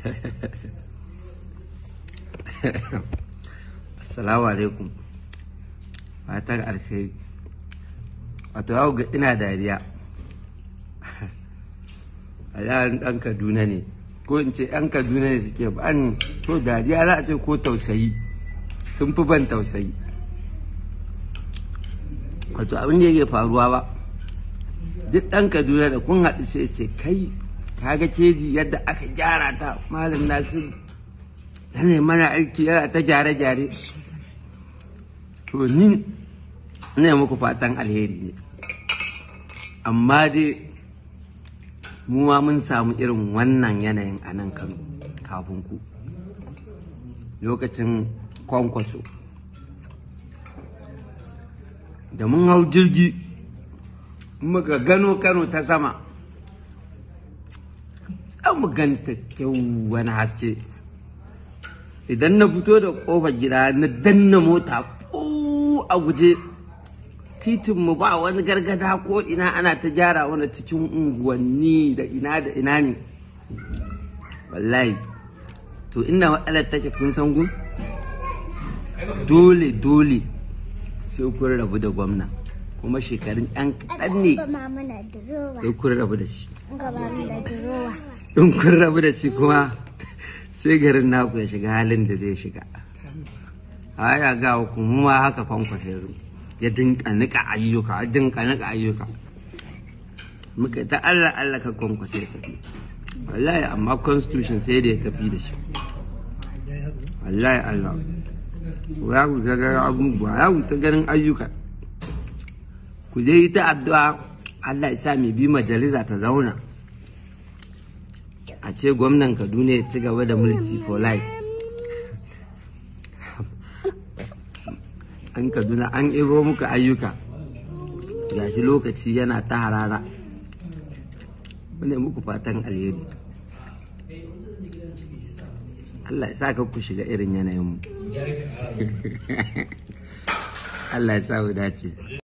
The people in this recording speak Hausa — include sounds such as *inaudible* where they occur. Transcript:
*laughs* assalamu alaikum fatan alkhairi wato yau ga ina dariya a *laughs* yaran ɗan kaduna ne ko in ce ɗan kaduna ne suke bani ko dariya za a ce ko tausayi sun fi ban tausayi wato abin da yake faruwa ba duk ɗan kaduna da kun haɗu sai ce kai kaga keji yadda aka gyara ta malam nasir yana mana aiki yana ta gyare-gyare to ni ne muku fatan alheri ne amma dai mu ma mun samu irin wannan yanayin a nan kano kafin ku lokacin kwankwaso da mun hau jirgi muka gano kano ta sama mu ganta kyau wani haske idan na fito da kofar gida na danna mota ko a guje mu ba wani gargada ko ina ana ta gyara wani cikin unguwanni da ina da ina ne wallahi to ina wa'alar take kun san gun dole dole sai kun rabu da gwamna kuma shekarun 'yan kaɗan ne sai kun rabu da shi in kun rabu da shi kuma sai garin naku ya shiga halin da zai shiga haya ga kuma ma haka kwankwashe su ya dinka nika ayyuka ya dinka nika ayyuka muka ta Allah Allah ka kwankwashe ka wallahi amma constitution sai da ya tafi da shi wallahi Allah ya ku ta ganin abubuwa ya ku ta ganin ayyuka ku dai ta addu'a Allah ya sa mai bi majalisa ta zauna a ce gwamnan kaduna ya ci gaba da mulki for life an kaduna an ibo muka ayyuka fi lokaci yana ta harara mune muku fatan alheri Allah ya sa ka ku shiga irin yanayin mu *laughs* Allah ya sa ku dace